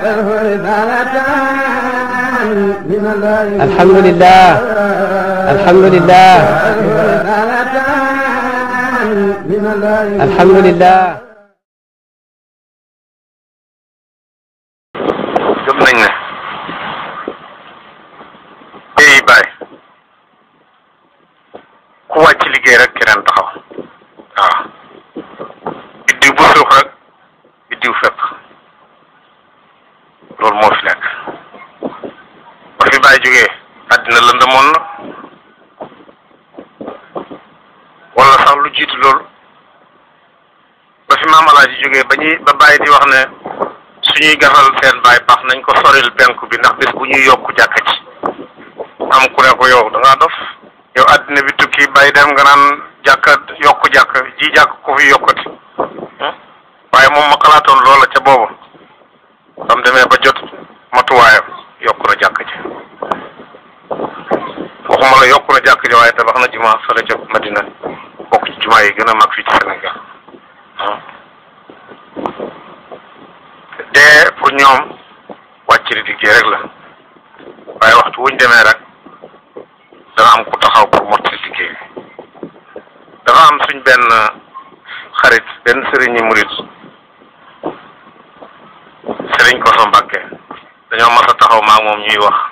alhamdulilah alhamdulilah alhamdulilah. gëm nañ ne. tey baay bu suux rek biddiw fépp. loolu moo fi nekk ba fi bàyyi jógee àddina lëndëmoon na wala sax lu jiitu loolu ba fi maam alaaji jógee ba ñuy ba bàyyi di wax ne suñuy gafal seen baay baax nañ ko soril penku bi ndax bis bu ñuy yokk jàkka ci am ku ne ko yow da ngaa dof yow àddina bi tukki bàyyi dem nga naan jàkk yokk jàkka ji jàkk ko fi yokkati hmm? waaye moom ma xalaatoon loola ca boobu julli waaye tabax na jumaa fële ca Madina bokk ci jumaa yi gën a mag fii ci Sénégal pour ñoom wàcc liggéey rek la waaye waxtu wuñ demee rek dana am ku taxaw pour mottali liggéey dafa am suñ benn xarit benn sëriñi murit sëriñ ko sa Mbàkke dañoo mas a taxaw maa moom ñuy wax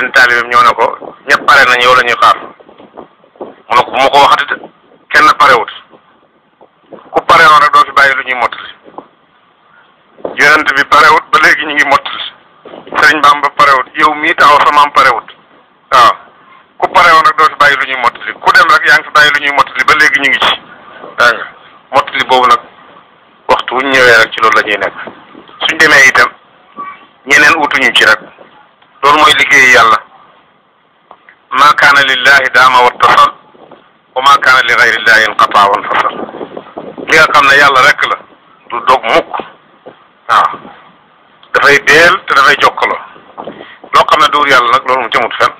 benn taalibeem ñëw na ko ñëpp pare nañ yow la ñuy xaar mu ne ko bu ma ko waxati kenn parewut ku parewoon rek doo fi bàyyi lu ñuy mottali yonent bi parewut ba léegi ñu ngi mottali sëriñ Bamba parewut yow mi taxaw sa maam parewut waaw ku parewoon rek doo fi bàyyi lu ñuy mottali ku dem rek yaa ngi fi bàyyi lu ñuy li ba léegi ñu ngi ci daa nga li boobu nag waxtu wuñ ñëwee rek ci loolu la ñuy nekk suñ demee itam ñeneen utuñu ci rek loolu mooy liggéey yàlla ma kaana lillahi daama wattasal wa ma kaana li gayrillahi inqataa wan fasal li nga xam ne yàlla rek la du dog mukk waaw dafay deel te dafay jokkaloo loo xam ne duur yàlla nag loolu mu jëmut fenn